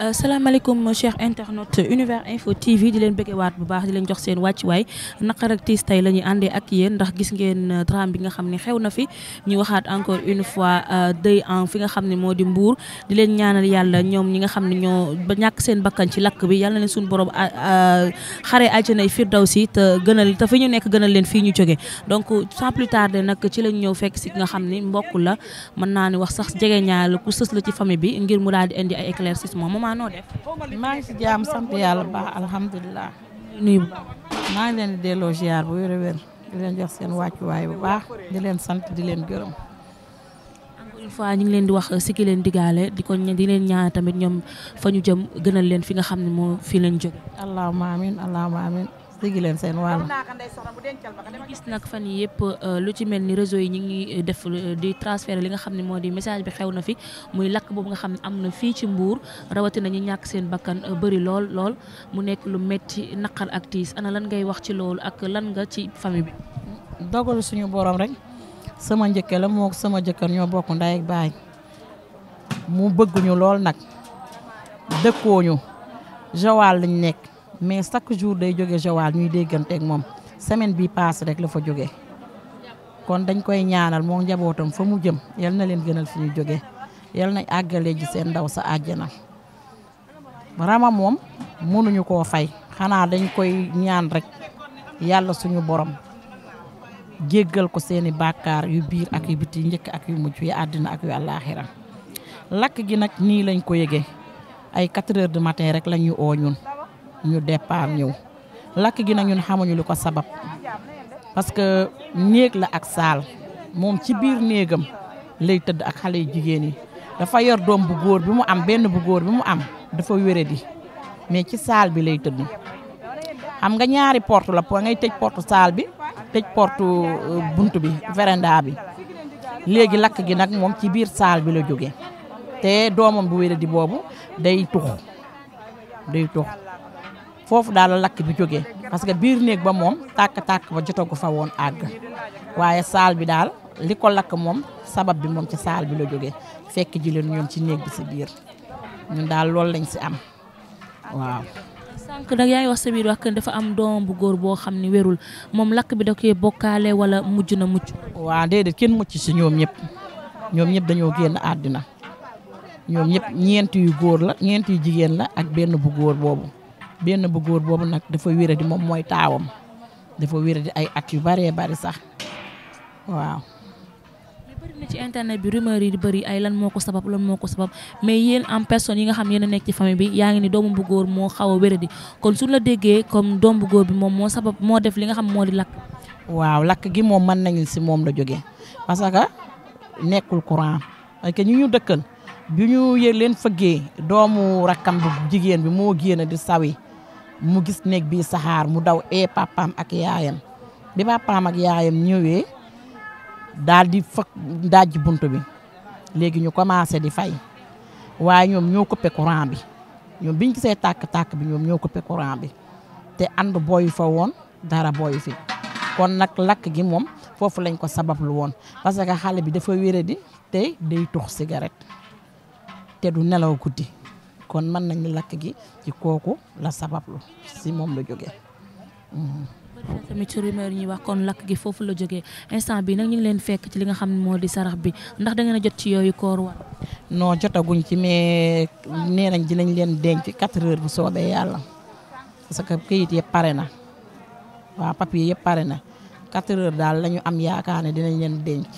Euh, salaamaaleykum cher internaute univers info tv di leen bëggewaat bu baax di leen jox seen wàccuwaay naqar ak tiis tey la ñuy àndee ak yéen ndax gis ngeen euh, drame bi nga xam ni xew na fi ñu waxaat encore une fois euh, dëy en fi nga xam ne moo di mbuur di leen ñaanal yàlla ñoom ñi nga xam ne ñoo ba ñàkk seen bakkan ci lakk bi yàlla na leen suñu borom xare àjjanay firdawsi te gënal te fi ñu nekk gënal leen fii ñu jóge donc sans plus tarder nag ci lañ ñëw fekk si nga xam ne mbokk la mën naa ne wax sax jege ñaar ku sës la ci famille bi ngir mu daal di indi ay éclaircissement Ouma noo maa ngi si jaam sant yàlla baax alhamdulilah. nuyu maa ngi leen di delloo ziar bu wér wér di leen jox seen wàccuwaay bu baax di leen sant di leen gërëm. encore une fois ñu ngi leen di wax si ki leen digaale di ko di leen ñaan tamit ñoom fa ñu jëm gënal leen fi nga xam ne moo fi leen jóg. allahumma amin allahumma amin dégg leen seen wàll. gis nag fan yii yëpp euh, lu ci mel ni réseau yi ñu ngi euh, def euh, di transfert li nga xam ne moo di message bi xew na fi muy lakk boobu nga xam ne am na fii ci Mbour rawatina ñu ñàkk seen bakkan bari lool lool mu nekk lu metti naqar ak tiis ana lan ngay wax ci loolu ak lan nga ci famille bi. dogal suñu boroom rek sama njëkke la moo sama jëkkër ñoo bokk ndey baay mu bëgguñu lool nag dëkkooñu Joal lañ nekk. mais chaque jour day jóge Joal ñuy dégganteeg moom semaine bi paase rek la fa jóge kon dañ koy ñaanal moo njabootam fa mu jëm yal na leen gënal fi ñu jóge yal na àggale ji seen ndaw sa àjjana rama moom mënuñu koo fay xanaa dañ koy ñaan rek yàlla suñu borom jéggal ko seeni bàkkaar yu biir ak yu biti njëkk ak yu mujj yu àddina ak yu àllaaxira lakk gi nag nii lañ ko yëgee ay quatre heures de matin rek la ñu ñu départ ñëw lakk gi nag ñun xamuñu lu ko sabab parce que néeg la ak saal moom ci biir néegam lay tëdd ak xale yu jigéen yi dafa yor doom bu góor bi mu am benn bu góor bi mu am dafa wére di mais ci saal bi lay tëdd xam nga ñaari port la po ngay tëj porte saal bi tëj port euh, bunt bi véranda bi léegi lakk gi nag moom ci biir saal bi la jóge te doomam bu wére di boobu day tux day tux foofu daal la lakk bi jóge parce que biir néeg ba moom tàkk-tàkk ba jotagu fa woon àgg waaye saal bi daal li ko lakk moom sabab bi moom ci saal bi la jóge fekk ji ñoom ci néeg bi si biir ñun daal loolu lañ si am waaw. sànq nag wax sa biir wax dafa am doom bu góor boo xam ne wérul moom lakk bi da koy bokkaale wala mujj na mucc. waaw déedéet kenn mucc si ñoom ñëpp ñoom ñëpp dañoo génn àddina ñoom ñëpp ñeent yu góor la ñeent yu jigéen la ak benn bu góor boobu. benn bu góor boobu nag dafa wéra di moom mooy taawam dafa wéra di ay at yu baree bari sax waaw. bëri na ci internet bi rumeur yi bëri ay lan moo ko sabab lan moo ko sabab mais yéen en personne yi nga xam yéen nekk ci famille bi yaa ngi ni doomu bu góor moo xaw a wéra kon suñu la déggee comme doom bu góor bi moom moo sabab moo def li nga xam moo di lakk. waaw lakk gi moom mën nañu si moom la jógee parce que nekkul courant parce que ñu ñu dëkkal bi ñu leen fëggee doomu rakkam jigéen bi moo génn di sawi mu gis néeg bi saxaar mu daw ee papaam ak yaayam bi papaam ak yaayam ñëwee daal di fëkk dajji bunt bi léegi ñu commencé di fay waaye ñoom ñoo coupé courant bi ñoom biñ see tàkk-tàkk bi ñoom ñoo coupé courant bi te ànd booyu fa woon dara booyu fi kon nag lakk gi moom foofu lañ ko sabablu woon parce que xale bi dafa wéré di te day tux cigarette te du nelaw guddi kon mën nañ lakk gi ci kooku la sabablu si moom la jóge bëri yi ñuy wax kon lakk gi foofu la jógee instant bi nag ñu leen fekk ci li nga xam ne moo di sarax bi ndax da ngeen jot ci yooyu koor war non jotaguñ ci mais nee nañ dinañ leen denc 4 heures bu soobee yàlla parce que kayit yëpp pare na waaw papier yëpp pare na quatre heures daal lañu ñu am yaakaar ne dinañ leen denc.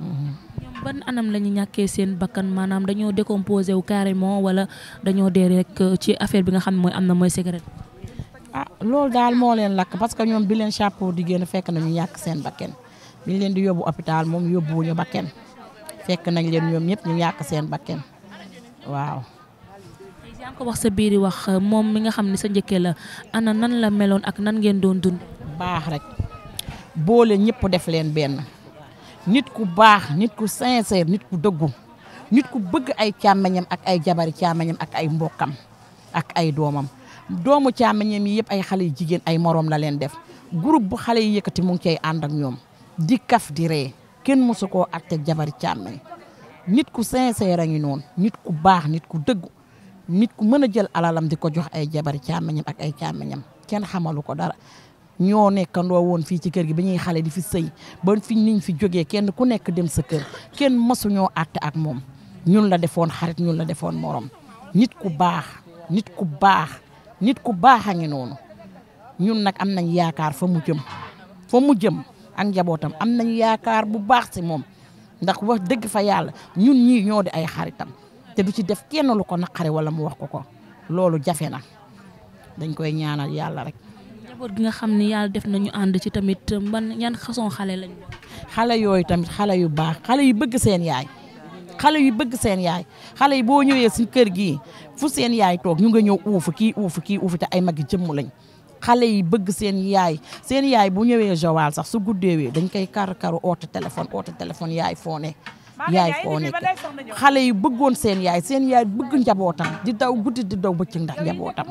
Mhm. ban anam la ñu ñàkkee seen bakkan maanaam dañoo décomposé wu carrément wala dañoo dee rek euh, ci affaire bi nga xam ne mooy am na mooy cigarette. ah loolu daal moo leen lakk parce que ñoom bi leen chapeau di génn fekk ñu ñàkk seen bakken biñ leen di yóbbu hôpital moom yóbbuwuñu bakken fekk nañ leen ñoom ñëpp ñu ñàkk seen bakken waaw. ko wax sa biiri wax euh, moom mi nga xam ne sa njëkkee la ana nan la meloon ak nan ngeen doon dund. baax rek boole ñëpp def leen benn. nit ku baax nit ku sincère nit ku dëggu nit ku bëgg ay càmmeñam ak ay jabari càmmeñam ak ay mbokkam ak ay doomam doomu càmmeñam yi yëpp ay xale yu jigéen ay moroom la leen def groupe bu xale yi yëkkati mu ngi cay ànd ak ñoom di kaf di ree kenn mosu koo àtteeg jabari càmmeñ nit ku sincère a ngi noonu nit ku baax nit ku dëggu nit ku mën a jël alalam di ko jox ay jabari càmmeñam ak ay càmmeñam kenn xamalu ko dara ñoo nekkandoo woon fii ci kër gi ba ñuy xale di fi sëy ba fi niñ fi jógee kenn ku nekk dem sa kër kenn masu ñoo àtte ak moom ñun la defoon xarit ñun la defoon morom nit ku baax nit ku baax nit ku baax a ngi noonu ñun nag am nañ yaakaar fa mu jëm fa mu jëm ak njabootam am nañ yaakaar bu baax si moom ndax wax dëgg fa yàlla ñun ñii ñoo di ay xaritam te du ci def kenn lu ko naqare wala mu wax ko ko loolu jafe na dañ koy ñaanal yàlla rek njaboot gi nga xam ni yàlla def nañu ànd ci tamit ban ñan façon xale lañ xale yooyu tamit xale yu baax xale yu bëgg seen yaay xale yu bëgg seen yaay xale yi boo ñëwee si kër gi fu seen yaay toog ñu nga ñëw uufu kii uufu kii uufu ay mag yi jëmm lañ xale yi bëgg seen yaay seen yaay bu ñëwee Joal sax su guddeewee dañ koy kar karu téléphone oote téléphone yaay foo ne yaay foo nekk xale yi bëggoon seen yaay seen yaay bëgg njabootam di daw guddi di daw bëccëg ndax tam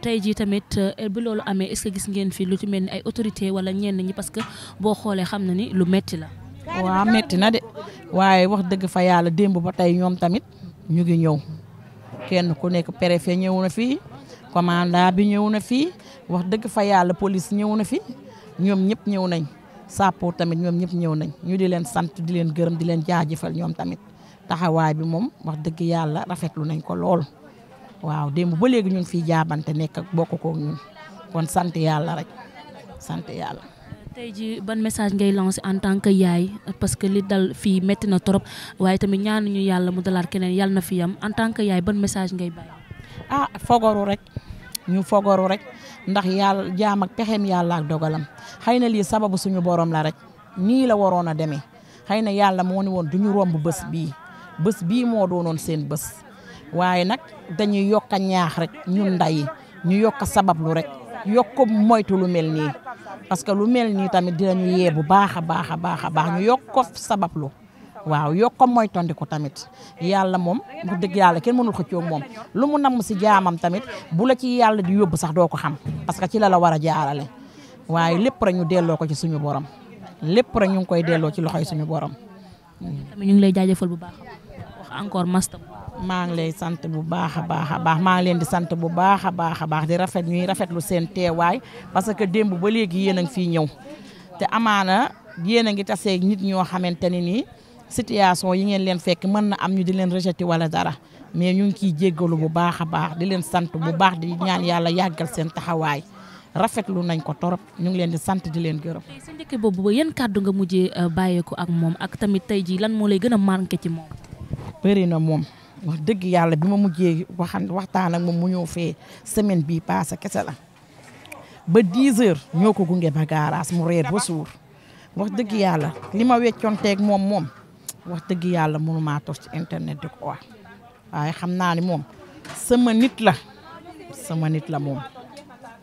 tey jii tamit euh, bi loolu amee est-ce gis ngeen fii lu ci mel ni ay autorité wala ñenn ñi parce que boo xoolee xam na ni lu metti la. waa metti na de waaye wax dëgg fa yàlla démb ba tey ñoom tamit ñu ngi ñëw kenn ku nekk préfet ñëw na fii commandant bi ñëw na fii wax dëgg fa police ñëw na fi ñoom ñëpp ñëw nañ sàppo tamit ñoom ñëpp ñëw nañ ñu di leen sant di leen gërëm di leen jaajëfal ñoom tamit taxawaay bi moom wax dëgg yàlla rafetlu nañ ko lool. waaw démb ba léegi ñu ngi fiy jaabante nekk ak bokk koog ñun kon sant yàlla rek sant yàlla. tey jii ban message ngay lancé en tant que yaay parce que li dal fii métti na trop waaye tamit ñaanuñu yàlla mu dalaat keneen yàlla na fi am en tant que yaay ban message ngay bàyyi. ah fogoru rek ñu fogoru rek ndax yàlla jaama ak yàlla ak dogalam xëy na lii sababu suñu borom la rek nii la waroon a demee xëy na yàlla moo ni woon du ñu romb bii bés bii moo doonoon seen bés. waaye nag dañuy yokk a ñaax rek ñu ndayi ñu yokk a sabablu rek yokk moytu lu mel nii parce que lu mel nii tamit dinañu yee bu baaxa a baax a baax a baax ñu yokk ko sabablu waaw yokk mooy ko tamit yàlla moom bu dëgg yàlla kenn mënul xëccoo moom lu mu namm si jaamam tamit bu la ci yàlla di yóbbu sax doo ko xam parce que ci la la war a jaarale waaye lépp rek ñu delloo ko ci suñu borom lépp rek ñu ngi koy delloo ci loxoy suñu borom. tamit ñu ngi bu baax wax maa ngi lay sant bu baax a baax a baax maa leen di sant bu baax a baax a baax di rafet ñuy rafetlu seen teewaay parce que démb ba léegi yéen a ngi fii ñëw te amaana yéen a ngi tasee nit ñoo xamante ne ni situation yi ngeen leen fekk mën na am ñu di leen rejeté wala dara mais ñu ngi ciy jéggalu bu baax a baax di leen sant bu baax di ñaan yàlla yàggal seen taxawaay rafetlu nañ ko torop ñu ngi leen di sant di leen gërëb sa njëkk boobu ba yan kàddu nga mujjee euh, bàyyeeku ak moom ak tamit tey jii lan moo lay gën a marqué ci moom. bëri na moom. wax dëgg yàlla bi ma mujjee waxan waxtaan ak moom mu ñëw fee semaine bii passé kese la ba 10 heures ñoo ko gunge ba garage mu reer ba suur wax dëgg yàlla li ma weccoonteeg moom moom wax dëgg yàlla mënu maa toog ci internet di ko wax waaye xam naa ne moom sama nit la sama nit la moom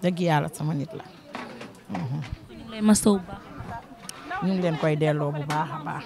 dëgg yàlla sama nit la. Mhm. ñu leen koy delloo bu baax a baax.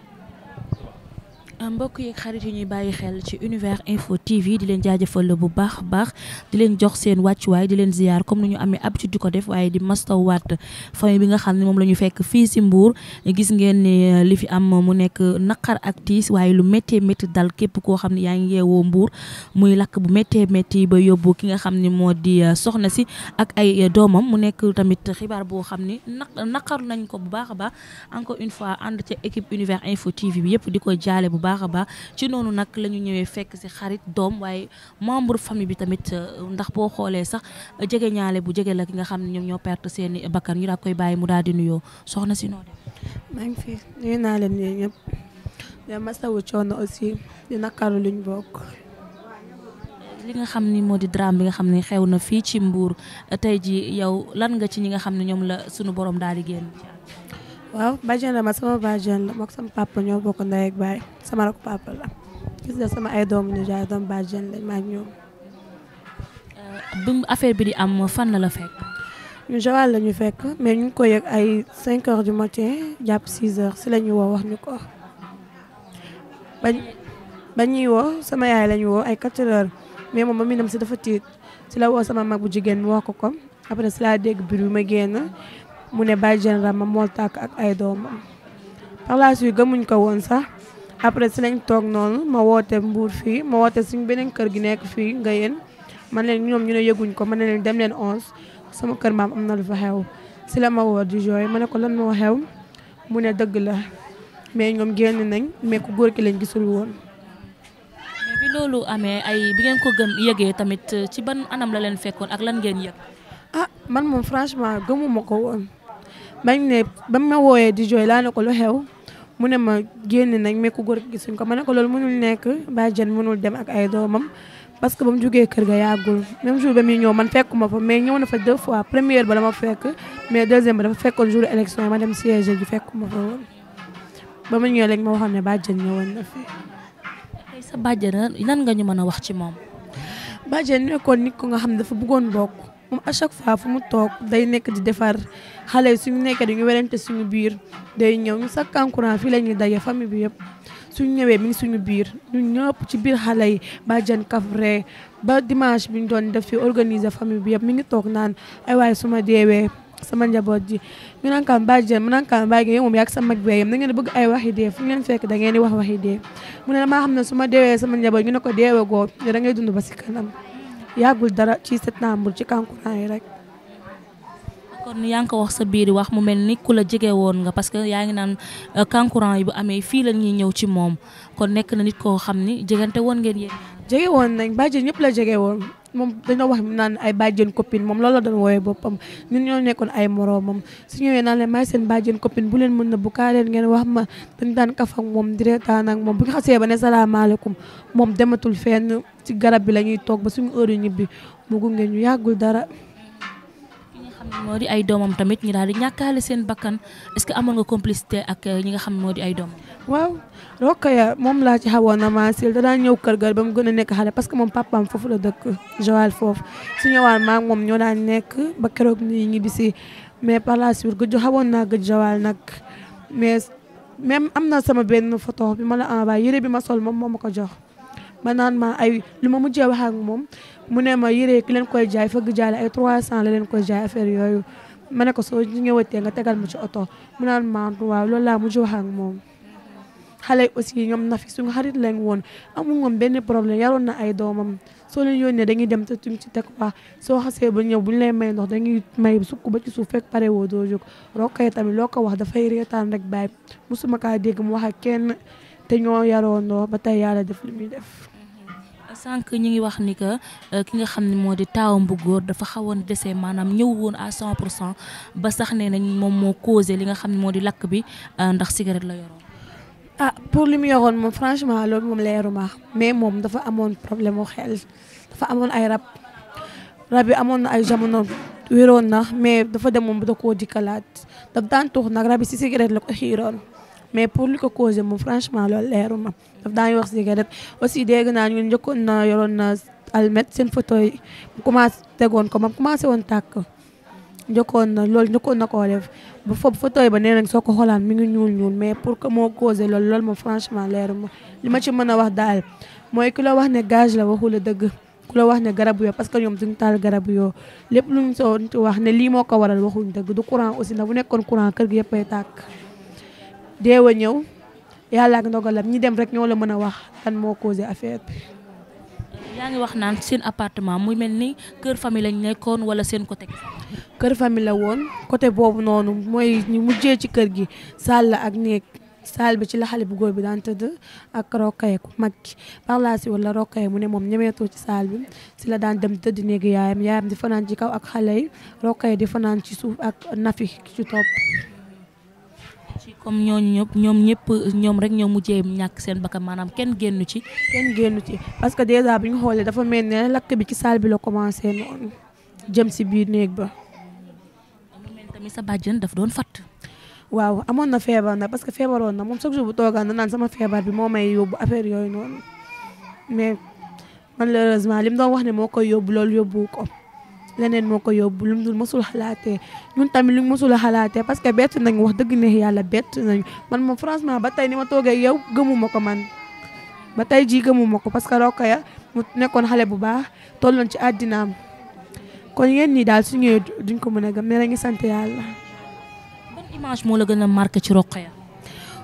mbokk yi xarit yi ñuy bàyyi xel ci univers info TV di leen jaajëfal la bu baax baax di leen jox seen wàccuwaay di leen ziar comme ni ñu amee habitude di ko def waaye di mastawaat famille bi nga xam ne moom la ñu fekk fii si Mbour gis ngeen ni euh, li fi am mu nekk naqar ak tiis waaye lu méttee métti dal képp koo xam ne yaa ngi yeewoo muy lakk bu méttee métti ba yóbbu ki nga xam ne moo di euh, soxna si ak ay euh, doomam mu nekk tamit xibaar boo xam ni naqar nañ ko bu baax a baax encore une ànd ca équipe univers info TV bi yëpp baax baax ci noonu nag la ñu ñëwee fekk si xarit doom waaye membre famille bi tamit euh, ndax boo xoolee sax jege ñaale bu jege la ki nga xam ne ñoom ñoo perte seen bakkan ñu daa koy bàyyi mu daal di soxna si noo def. maa naa leen ñëpp di masawu coono aussi di nakaru li nga xam ni moo di drame bi nga xam ne xew na fii ci Mbour tey ji yow lan nga ci ñi nga xam ne ñoom la sunu boroom daal di génn. waaw bàjjen la ma sama bàjjen la mook sama papa ñoo bokk ndey ak baay sama rakk papa la sama ay doomu nijaay doomu bàjjen lañ ma ñoom. Euh, bi affaire bi di am fan la la fekk. ñu Joal la ñu fekk mais ñu ngi ko yëg ay 5 heures du matin jàpp 6 heures si la ñu woo wax ñu ko. bañ bañ ñuy woo sama yaay lañu woo ay 4 heures mais moom ba muy si dafa tiit si la woo sama mag bu jigéen mu wax ko ko après si laa dégg biir bi ma génn. mu ne bàyyi général ma mool tàkk ak ay doomam par la gëmuñ ko woon sax après si lañ toog noonu ma woote mbuur fii ma woote suñ beneen kër gi nekk fii nga yéen man leen ñoom ñu ne yëguñ ko man ne leen dem leen onze sama kër maam am na lu fa si la ma di jooy ma ne ko lan moo xew mu ne dëgg la mais ñoom génn nañ mais ku góor ki lañ gisul woon mais bi loolu amee ay bi leen ko gën yëgee tamit ci ban anam la leen fekkoon ak lan ngeen yëg ah man moom franchement gëmuma ko woon bañ ne ba ma wooyee di jooy laa ne ko lu xew mu ne ma génn nañ mais ku góor gisuñ ko ma ne ko loolu mënul nekk bàjjen mënul dem ak ay doomam parce que ba mu jógee kër ga yàggul même jour ba muy ñëw man ma fa mais ñëw na fa deux fois première ba la ma fekk mais deuxième ba dafa fekkoon jour élection yi ma dem siège ji fekkuma fa woon ma ñëwee lañ ma waxoon ne bàjjen ñëwoon na fi. tey sa bàjjen lan nga ñu mën a wax ci moom. bàjjen nekkoon nit ku nga xam dafa bëggoon bokk. moom à chaque fu mu toog day nekk di defar xale yi suñu nekkee dañu werante suñu biir day ñëw ñu sakk encourant fii la ñuy daje famille bi yëpp suñu ñëwee mi ngi suñu biir ñun ñëpp ci biir xale yi ba jan kafre ba dimanche bi ñu doon def fi organiser famille bi yëpp mi ngi toog naan ay waaye su ma deewee sama njaboot ji ñu naan kaan baa jën mu naan kaan sa mag bee yam na ngeen bëgg ay waxi dee fu ngeen fekk da ngeen di wax waxi dee mu ne damaa xam ne su ma deewee sama ñu ne ko deewee goo da ngay dund ba si kanam yàggul dara ci septembre ci kankurang yi rek. kon yaa ngi ko wax sa biir wax mu mel ni ku la jege woon nga parce que yaa ngi naan euh, kankurang yi bu amee fii la ñuy ñëw ci moom kon nekk na nit koo xam ni jegante woon ngeen yéen. jege woon nañ bàjjen ñëpp la jege woon moom dañoo wax naan ay bàjjen copine moom loolu la doon woowee boppam ñun ñoo nekkoon ay moroomam su ñëwee naan leen may seen bàjjen copine bu leen mën na bu kaa leen ngeen wax ma dañ daan kaf ak moom di reetaan moom bu ñu xasee ba ne salaamaaleykum moom dematul fenn ci garab bi la ñuy toog ba suñu heure yu ñibbi mu ngeen ñu yàggul dara. moo di ay doomam tamit ñu daal di ñàkkaale seen bakkan est-ce que amoon nga complicité ak ñi nga xam moo di ay doomam. waaw Rokhaya moom laa ci xawoon a maasil da daan ñëw kër ga ba mu gën a nekk xale parce que moom papaam foofu la dëkk Joal foofu su ñëwaan maag moom ñoo daan nekk ba keroog nii ñibbisi mais par la suite gëj xawoon naa gëj Joal nag mais même am na sama benn foto bi ma la envoyé yére bi ma sol moom moo ma ko jox ma naan ma ay lu ma mujjee wax ak moom mu ne ma yére ki leen koy jaay fëgg jaay la ay 300 la leen koy jaay affaire yooyu ma ne ko soo ñëwatee nga tegal ma ci oto mu naan ma waaw loolu laa mujj wax ak moom. xale aussi ñoom Nafi suñu xarit lañ woon amul moom benn problème yaroon na ay doomam soo leen yónnee dañuy dem te tuñ ci teg waa soo xasee ba ñëw bu ñu lay may ndox dañuy may sukk ba ci suuf pare woo doo jóg rokkee tamit loo ko wax dafay reetaan rek bàyyi musuma kaa dégg mu wax ak kenn te ñoo yaroondoo ba tey yàlla def li muy def mm-hmm. sànq ñu ngi wax ni que euh, ki nga xam ne moo di taawam bu góor dafa xawoon desee maanaam ñëw woon à 100 pour cent ba sax ne nañ moom moo causé li nga xam ne moo di lakk bi euh, ndax cigarette la yoroon a ah, pour li mu yoroon moom franchement loolu leeru leeruma mais moom dafa amoon problème mu xel dafa amoon ay rab rab yi amoon na ay jamono wéroon na mais dafa demoon ba da koo dikkalaat daf daan tuux nag rabi si cigarette la ko xiiroon mais pour li ko causé moom franchement loolu leeruma daf daan yor cigarette aussi dégg naa ñun njëkkoon na yoroon na almet seen photo yi commencé tegoon ko moom commencé woon tàkk njëkkoon na loolu njëkkoon na koo def ba foofu fa tooy ba nee nañ soo ko xoolaan mi ngi ñuul ñuul mais pour que moo causé loolu loolu moom franchement leeru ma li ma ci mën a wax daal mooy ku la wax ne gage la waxu la dëgg ku la wax ne garab yoo parce que ñoom duñu taal garab yoo lépp luñ soo wax ne lii moo ko waral waxuñ dëgg du courant aussi na bu nekkoon courant kër gi yëpp ay tàkk deewa ñëw yàlla ak ndogalam ñi dem rek ñoo la mën a wax kan moo causé affaire bi yaa ngi wax naan seen appartement mu mel ni kër famille lañ nekkoon wala seen côté. kër famille la woon côté boobu noonu mooy ñu mujjee ci kër gi saal la ak néeg saal bi ci la xale bu góor bi daan tëdd ak rokkay ku mag ki par la si mu ne moom ñemeetoo ci saal bi si la daan dem tëdd néegi yaayam yaayam di fanaan ci kaw ak xale yi rokkay di fanaan ci suuf ak nafi ci topp. ci comme ñooñu ñëpp ñoom ñëpp ñoom rek ñoo mujjee ñàkk seen bakkan maanaam kenn génnu ci. kenn génnu ci parce que dèjà bi ñu xoolee dafa mel ne lakk bi ci salle bi la commencé noonu jëm si biir néeg ba. mu mel tamit sa daf doon fatt. waaw amoon na feebar na parce que feebaroon na moom chaque jour bu toogaan na naan sama feebar bi moo may yóbbu affaire yooyu noonu mais malheureusement li lim doon wax ne moo koy yóbbu loolu yóbbu ko. leneen moo ko yóbbu lu mu dul mosul ñun tamit lu mosul xalaatee parce que bett nañu wax dëgg neex yàlla bett nañu man moom franchement ba tey ni ma toogee yow gëmuma ko man ba tey jii gëmuma ko parce que Rokhaya mu nekkoon xale bu baax tolloon ci àddinaam kon yéen ñii daal su ñëwee duñ ko mën a gëm mais dañuy sant yàlla. image moo la gën a marqué ci Rokhaya.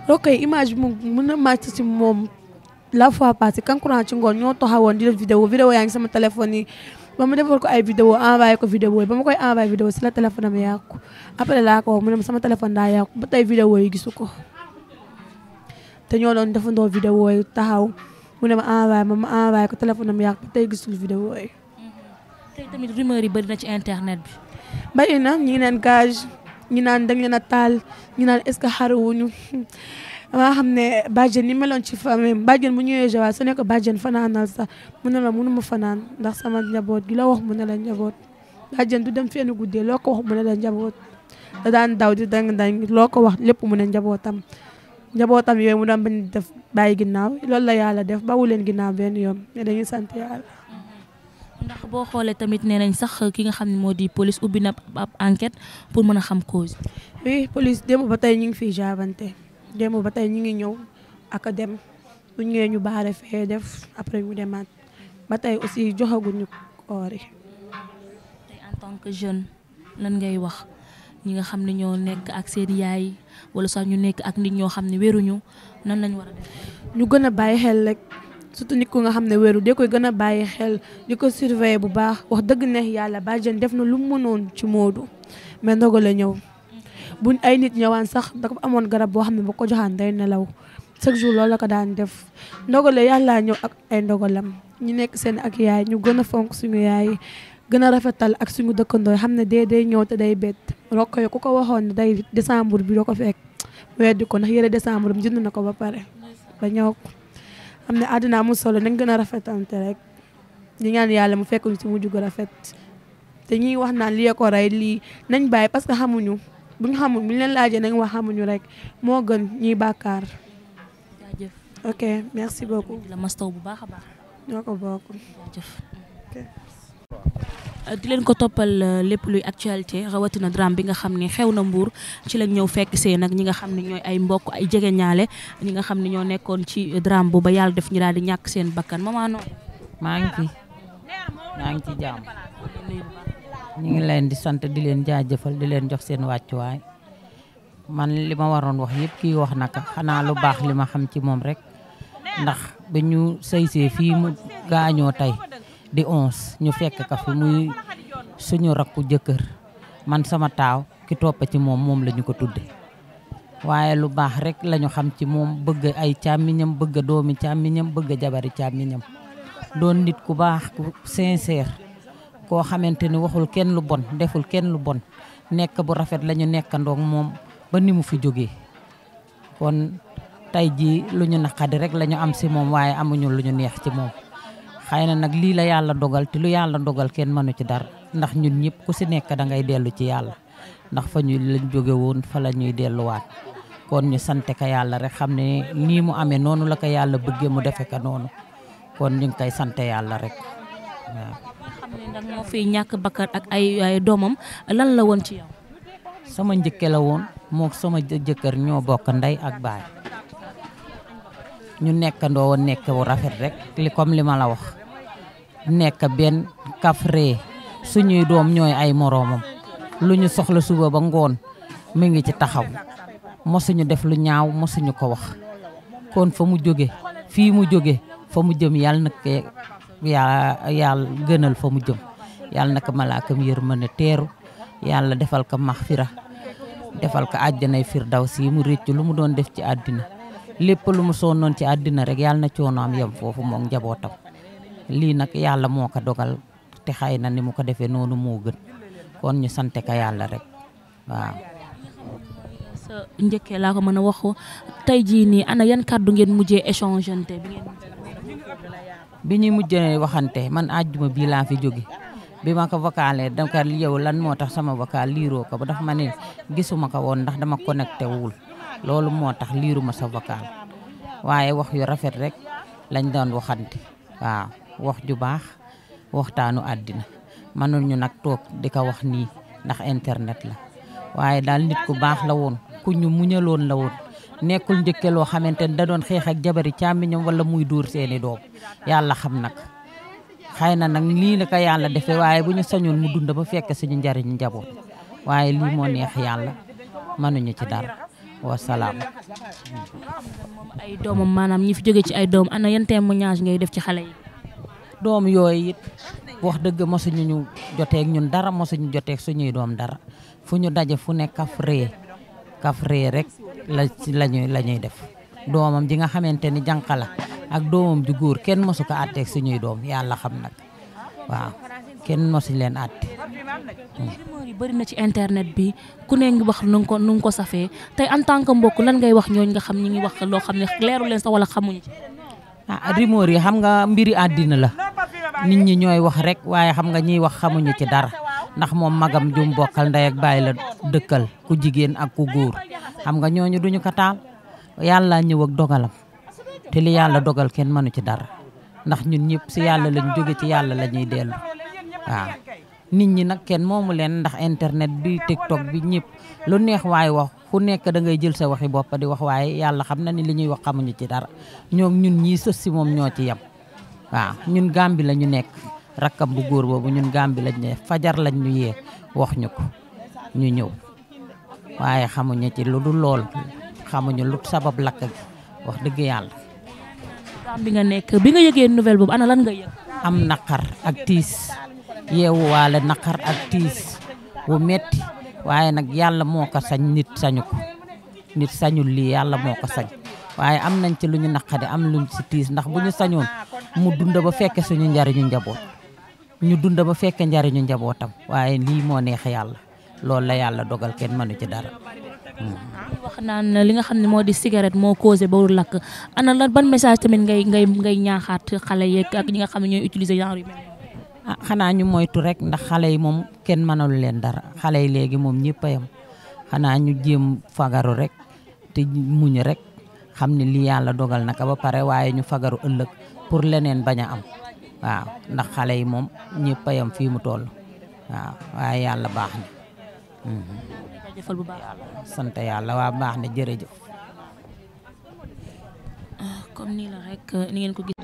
Rokhaya image bi mu mën a marqué ci moom la fois passée kankurang ci ngoon ñoo taxawoon di def vidéo yaa ngi sama téléphone yi. ba ma defal ko ay vidéo envoyé ko vidéo yi ba ma koy envoyé vidéo si la téléphone mu sama téléphone daa yàqu ba tey vidéo yi gisu ko te ñoo doon defandoo vidéo yi taxaw mu ne ma envoyé ma ma envoyé ko téléphone am yàqu ba tey gisul vidéo yi. Mm-hmm. tey tamit rumeur yi bëri na ci internet bi. bari na ñi naan gage ñi naan dañ leen a taal ñi naan est-ce que xaruwuñu damaa xam ne bàjjen ni meloon ci famille bàjjen bu ñëwee Joal su ne ko bàjjen fanaanal sax mu ne la mënuma fanaan ndax sama njaboot gi la wax mu ne la njaboot bàjjen du dem fenn guddee loo ko mu ne la njaboot da daan daw di dang dang loo ko wax lépp mu ne tam njabootam yooyu mu daan bañ def bàyyi ginnaaw loolu la yàlla def bawu leen ginnaaw benn yoon mais dañuy sant yàlla ndax boo xoolee tamit nee nañ sax ki nga xam ne moo di police ubbi na ab enquête pour mën a xam cause. oui police démb ba tey ñu démb ba tey ñu ngi ñëw ak a dem bu ñu ñëwee ñu baare fee def après ñu demaat ba tey aussi joxaguñu ñu yi. tey en tant que jeune lan ngay wax ñi nga xam ne ñoo nekk ak seen yaay wala sax ñu nekk ak nit ñoo xam ne wéruñu nan lañ war a def. ñu gën a bàyyi xel rek surtout nit ku nga xam ne wéru de koy gën a bàyyi xel di ko surveiller bu baax wax dëgg neex yàlla bàjjen def na lu mu mënoon ci Modou mais ndogal la ñëw. buñ ay nit ñëwaan sax da amoon garab boo xam ne bu ko joxaan day nelaw chaque jour loolu la ko daan def ndogale yàlla ñëw ak ay ndogalam ñu nekk seen ak yaay ñu gën a fonk suñu yaay gën a rafetal ak suñu dëkkandoo xam ne dee day ñëw te day bet rokko yo ku ko waxoon day décembre bi doo ko fekk weddi ko ndax yére décembre bi jënd na ko ba pare ba ñëw xam ne àddina amul solo nañ gën a rafetante rek di ñaan yàlla mu fekk ñu ci mujj gu rafet te ñuy wax naan lii lii nañ bàyyi parce que xamuñu buñ xamul buñ leen laajee nañ wax xamuñu rek moo gën ñuy bàkkaar. jaajëf ok merci beaucoup. la mastaw bu baax a baax. ñoo ko bokk. leen ko toppal euh, lépp luy actualité rawatina drame bi nga xam ne xew na Mbour ci lañ ñëw fekk see nag ñi nga xam ne ñooy ay mbokk ay jege ñi nga xam ne ñoo nekkoon ci drame bu ba yàlla def ñu daal di ñàkk seen bakkan maman nooy. maa ngi ci maa ngi ci jàmm. ñu ngi leen di sant di leen jëfal di leen jox seen wàccuwaay man li ma waroon wax yëpp kii wax naka xanaa lu baax li ma xam ci moom rek ndax bi ñu sëysee fii mu gaañoo tey di ons ñu fekk ka fi muy suñu rakku jëkkër man sama taaw ki topp ci moom moom lañu ko tudde waaye lu baax rek lañu xam ci moom bëgg ay càmmiñam bëgg doomi càmmiñam bëgg jabari càmmiñam doon nit ku baax ku sincère koo xamante ni waxul kenn lu bon deful kenn lu bon nekk bu rafet la ñu nekkandoog moom ba ni mu fi jógee kon tey jii lu ñu naqadi rek lañu am si moom waaye amuñu lu ñu neex ci moom xëy na nag lii la yàlla dogal te lu yàlla dogal kenn mënu ci dara ndax ñun ñëpp ku si nekk da ngay dellu ci yàlla ndax fa ñu lañ jóge woon fa la ñuy delluwaat kon ñu sante ka yàlla rek xam ne nii mu amee noonu la ko yàlla bëggee mu defe ka noonu kon ñu ngi koy sante yàlla rek xam ne nag moo fi ñàkk bakkan ak ay ay doomam lan la woon ci yow. sama njëkke la woon mook sama jëkkër ñoo bokk ndey ak baay ñu nekkandoo woon nekk bu rafet rek li comme li ma la wax nekk benn kafree suñuy doom ñooy ay moroomam lu ñu soxla suba ba ngoon mi ngi ci taxaw mosuñu def lu ñaaw mosuñu ko wax kon fa mu jóge fii mu jóge fa mu jëm yàlla na yaa yàlla gënal fa mu jëm yàlla naka malaakam yërmande teeru yàlla defal ko maxfira defal ko àjjanay firdawsi mu rëcc lu mu doon def ci àddina lépp lu mu noon ci àddina rek yàlla na coono am yem foofu moom njabootam lii nag yàlla moo ko dogal te xay na ni mu ko defee noonu moo gën kon ñu sante ko yàlla rek waaw. sa njëkkee laa ko bi ñuy mujjee waxante man àjjuma bii laa fi jóge bi ma ko vocalé donc yow lan moo tax sama vocal liiroo ko bu dafa ma ne gisuma ko woon ndax dama connecté wul loolu moo tax liiruma sa vocal waaye wax yu rafet rek lañ doon waxanti waaw wax ju baax waxtaanu àddina mënul ñu nag toog di ko wax nii ndax internet la waaye daal nit ku baax la woon ku ñu muñaloon la woon nekkul njëkke loo xamante ne da doon xeex ak jabari càmmiñam wala muy dóor seeni doom yàlla xam nag xëy na nag lii la ko yàlla defee waaye bu ñu sañoon mu dund ba fekk suñu njariñ njaboot waaye lii moo neex yàlla mënuñu ci dara wasalaam. moom ay doomam maanaam ñi fi jóge ci ay doom ana yan témoignage ngay def ci xale yi. doom yooyu it wax dëgg mosuñu ñu joteeg ñun dara mosuñu joteeg suñuy doom dara fu ñu daje fu ne kaf ree kaf ree rek. la lañuy la ñuy def doomam ji nga xamante ni jànq la ak doomam ju góor kenn mosu ko àtteeg suñuy doom yàlla xam nag waaw kenn mosu leen àtte. Hmm. rumeur yi bëri na ci internet bi ku ne ngi wax nun ko nu ko safee tey en tant que mbokk lan ngay wax ñooñu nga xam ñi ngi wax loo xam ne leeru leen sax wala xamuñu ci. ah yi xam nga mbiri àddina la nit ñi ñooy wax rek waaye xam nga ñiy wax xamuñu ci dara ndax moom magam jum bokkal ndey ak bàyyi la dëkkal ku jigéen ak ku xam nga ñooñu duñu ko taal yàlla ñëw ak dogalam te li yàlla dogal kenn mënu ci dara ndax ñun ñëpp si yàlla lañ jóge ci yàlla la ñuy dellu waaw nit ñi nag kenn moomu leen ndax internet bi tiktok bi ñëpp lu neex waay wax fu nekk da ngay jël sa waxi bopp di wax waaye yàlla xam na ni li ñuy wax xamuñu ci dara ñoom ñun ñii sës si moom ñoo ci yem waaw ñun Gàmbi la ñu nekk rakkam bu góor boobu ñun Gàmbi lañ ne fajar lañ ñu yee wax ñu ko ñu ñëw waaye xamuñu ci lu dul lool xamuñu lu sabab lakk gi wax dëgg yàlla. bi nga nekk bi nga yëgee nouvelle boobu ana lan nga yëg. am naqar ak tiis yeewuwaale naqar ak tiis wu metti waaye nag yàlla moo ko sañ nit sañu ko nit sañul lii yàlla moo ko sañ waaye am nañ ci lu ñu naqadi am luñ si tiis ndax bu ñu sañoon mu dund ba fekke suñu njariñu njaboot ñu dund ba fekke njariñu njabootam waaye lii moo neex yàlla. loolu la yàlla dogal kenn mënu ci dara. wax naan li nga xam ne moo di sigaret moo causé ba lakk ana lan ban message tamit ngay ngay ngay ñaaxaat xale yeeg ak ñi nga xam ne ñooy utiliser genre yu mel ah, xanaa ñu moytu rek ndax xale yi moom kenn mënalu leen dara xale yi léegi moom ñëpp a xanaa ñu jéem fagaru rek te muñ rek xam ne lii yàlla dogal naka ba pare waaye ñu fagaru ëllëg pour leneen bañ a am waaw ndax xale yi moom ñëpp a yem fii mu toll waaw waaye yàlla baax na. jëfal bu baax sant yàlla waa baax na jërëjëf. comme nii la rek euh, ni ngeen ko gis.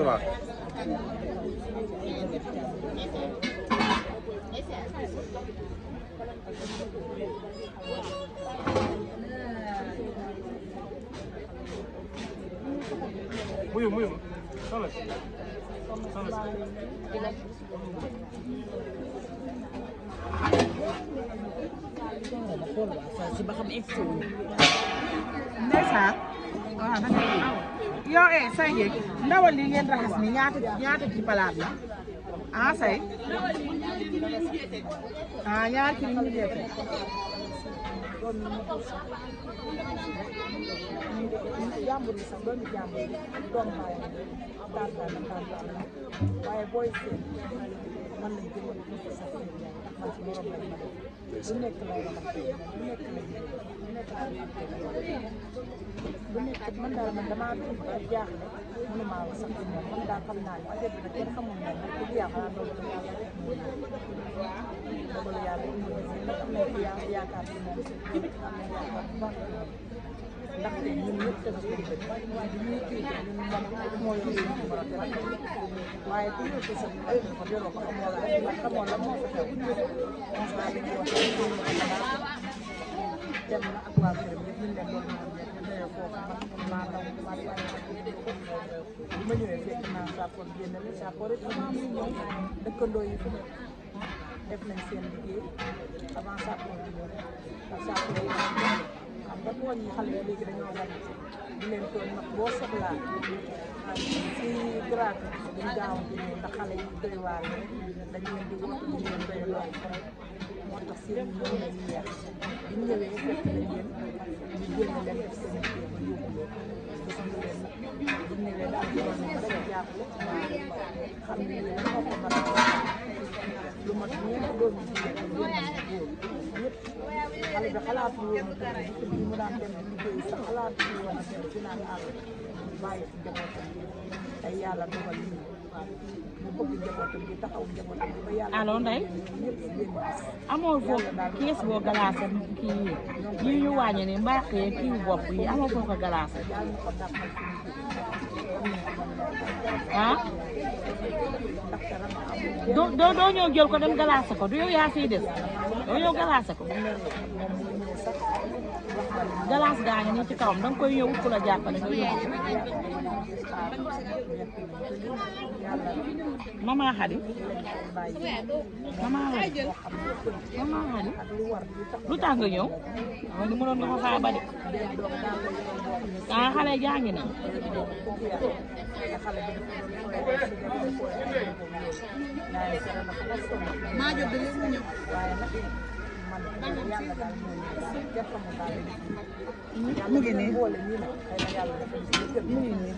xool waa Fass ba xam egg si ngeen raxas ñaata ñaata ci la ah say. ah ñaar kii bi sax la tàntaan la waaye man lañ bu nekk lay waxal bu nekk lay bu nekk bu nekk man daal man damaa dugg ba jaaxle mënumaa sax ci moom man daal xam naa ne affaire bi nag kenn xamul ne nag bu yàqaa loolu yàlla rek mun dogalu yàlla mun am nañ yaakaar ci moom am nañ yaakaar bu baax ndax ñun ñëpp tamit ñu ngi koy waaye bu ñuy critiqué ñun moo yor suñu numéro téléphone waaye ku yor ko sa ay numéro yoroo ko xamoo la ak xamoo la moo fa xew constat bi ñu wax dem na ak waa këram yëpp ñu leen doon ñaan nekk teyoo foofu man maa daw maa di wàññi bi ma ñëwee fekk naa sàppoon génn la sàppoon rek vraiment muy ñëw dëkkandoo yi fu nekk def nañ seen liggéey avant sàppoon di ñëw ndax sàppoon yi ba tooñ yi xale yi léegi dañoo bari di leen tooñ nag boo soxlaa si gratuit duñ gaaw di di woote ñu leen doy waar moo tax seen ñoom lañ yeex bi ñu ñëwee fekk nañ leen ñu génn leen def seen kër ba yóbbu leen gis nag buñ ne yi dañ ne lii lan moo ko a lu mat xale bi xalaatu woon bi mu daan dem di liggéey sax xalaatu woon a dem ci naan àll bàyyi ci njabootam tey yàlla dogal lii mu bëgg njabootam bi taxaw njabootam bi ba yàlla allo ko galaasee ah yow yow galaase ko ba mu ne sax galaas gaa ngi nii ci kawam danga koy ñëw ku la jàppale nga yóbbu mama Xadi mama Xadi lu tax nga ñëw waaye ni mënoon nga ko ah, xale jàngi na mu ngi nii mu ngi nii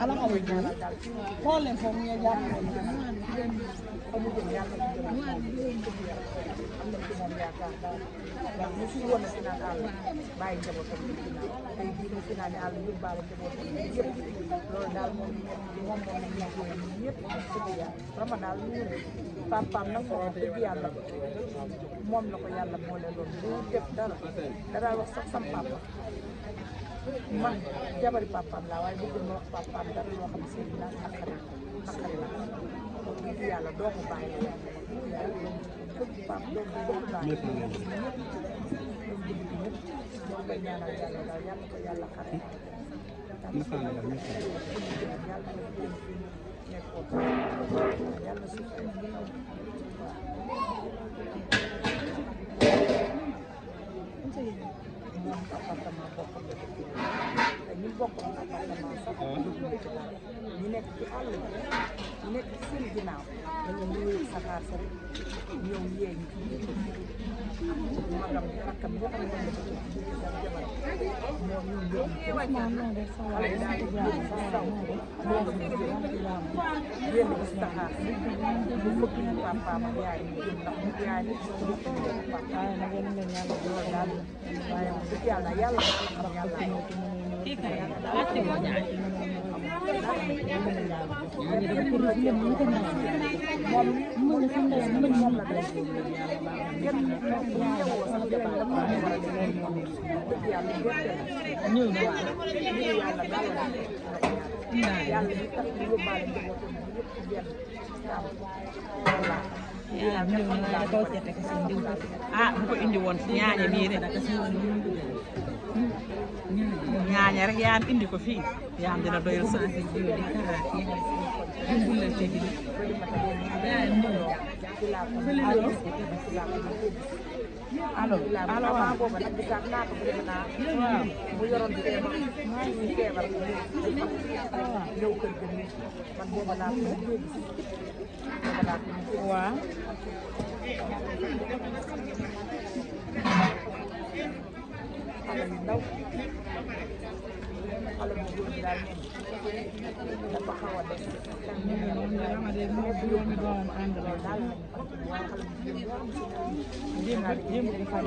ala ma wéy jël xool leen foofu ngeen jàpp leen loolu daal moom moom moom lañ la koy ñëpp yàlla rama daal lu wër papaam nag moom yàlla moom la ko yàlla boole loolu bu def dara daal wax sax sam papa man jabari papaam laa waaye bëggul ma wax papaam loo xam si naan naqari naqari la kon dëgg yàlla doomu bàyyi bëgg pap doom bëgg bàyyi ñëpp ñëpp ñëpp ñëpp ñëpp ñëpp ñëpp ñëpp ñëpp ñu bokk appartement sax ñu nekk ci àll ñu nekk ci seen ginnaaw dañu ñëw saxaar sa ñoom yéen ñi magam rakkam ñoo xam ne waaye yàlla yàlla yaa ñëw na la ko jete ko seen diw ah bu ko indi woon si ñaañe mii rek ñaaña rek yaam indi ko fii yaam dina doyal cent kilos di karaat yi dimbalante gi yaay mo allo allo waaw waaw xale yu ndaw xale bu góor bi daal dafa xaw a des daal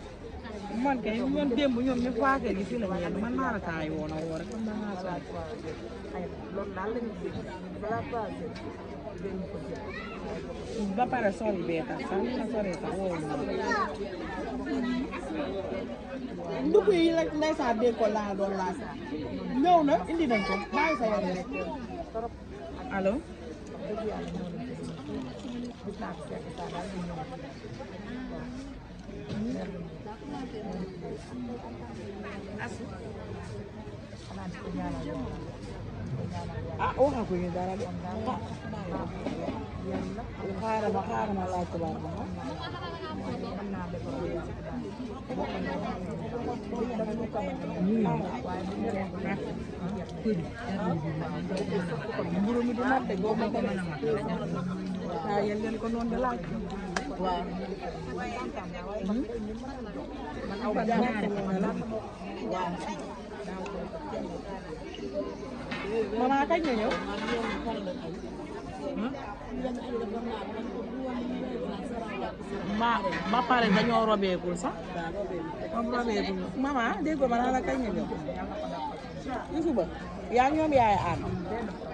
man kay ñoom démb ñoom ñëpp waa kër gi fii la ñu man maa la taay woon a woo rek man maa la taay loolu daal lañu gis balaa passé ba pare sori bee tax sax li ma soree sax ma ndugg na asu ah waxaguñu dara de xaaral ma xaaral ma laaj tubaab ma mburu mi du mat de góob ma ko mën a mat waaw yéen leen ko noonu de laaj waaw Mama cách nhỉ nhớ ba ba pare dañoo robeekul sax moom robeekul mama dégg ma naa la kañ nga ñëw suba yaa ñoom yaay ànd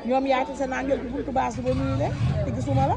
ñoom yaay ci sa naa ñëw ba nuyu leen te gisuma la